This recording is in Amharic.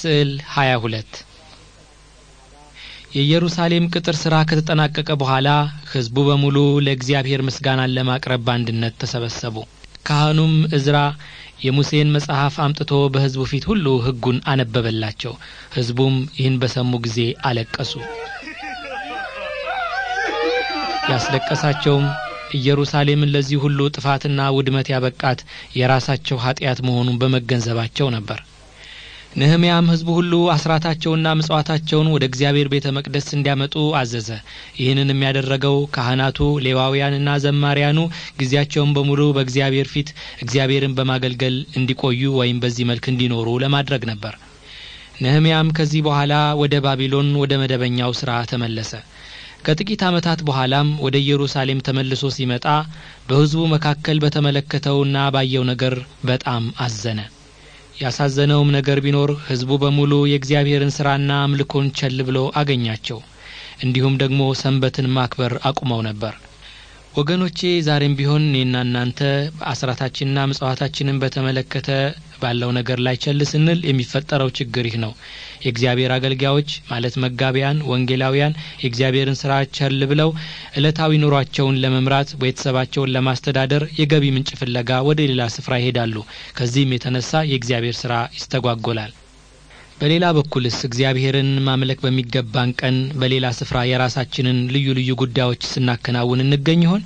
ስዕል 22 የኢየሩሳሌም ቅጥር ሥራ ከተጠናቀቀ በኋላ ሕዝቡ በሙሉ ለእግዚአብሔር ምስጋናን ለማቅረብ በአንድነት ተሰበሰቡ። ካህኑም እዝራ የሙሴን መጽሐፍ አምጥቶ በሕዝቡ ፊት ሁሉ ሕጉን አነበበላቸው። ሕዝቡም ይህን በሰሙ ጊዜ አለቀሱ። ያስለቀሳቸውም ኢየሩሳሌምን ለዚህ ሁሉ ጥፋትና ውድመት ያበቃት የራሳቸው ኀጢአት መሆኑን በመገንዘባቸው ነበር። ነህምያም ህዝቡ ሁሉ አስራታቸውና ምጽዋታቸውን ወደ እግዚአብሔር ቤተ መቅደስ እንዲያመጡ አዘዘ። ይህንን የሚያደረገው ካህናቱ፣ ሌዋውያንና ዘማሪያኑ ጊዜያቸውን በሙሉ በእግዚአብሔር ፊት እግዚአብሔርን በማገልገል እንዲቆዩ ወይም በዚህ መልክ እንዲኖሩ ለማድረግ ነበር። ነህምያም ከዚህ በኋላ ወደ ባቢሎን ወደ መደበኛው ስራ ተመለሰ። ከጥቂት ዓመታት በኋላም ወደ ኢየሩሳሌም ተመልሶ ሲመጣ በሕዝቡ መካከል በተመለከተውና ባየው ነገር በጣም አዘነ። ያሳዘነውም ነገር ቢኖር ህዝቡ በሙሉ የእግዚአብሔርን ስራና አምልኮን ቸል ብሎ አገኛቸው። እንዲሁም ደግሞ ሰንበትን ማክበር አቁመው ነበር። ወገኖቼ ዛሬም ቢሆን እኔና እናንተ በአስራታችንና ምጽዋታችንን በተመለከተ ባለው ነገር ላይ ቸል ስንል የሚፈጠረው ችግር ይህ ነው። የእግዚአብሔር አገልጋዮች ማለት መጋቢያን፣ ወንጌላውያን የእግዚአብሔርን ስራ ቸል ብለው እለታዊ ኑሯቸውን ለመምራት ቤተሰባቸውን ለማስተዳደር የገቢ ምንጭ ፍለጋ ወደ ሌላ ስፍራ ይሄዳሉ። ከዚህም የተነሳ የእግዚአብሔር ስራ ይስተጓጎላል። በሌላ በኩልስ እግዚአብሔርን ማምለክ በሚገባን ቀን በሌላ ስፍራ የራሳችንን ልዩ ልዩ ጉዳዮች ስናከናውን እንገኝ ይሆን?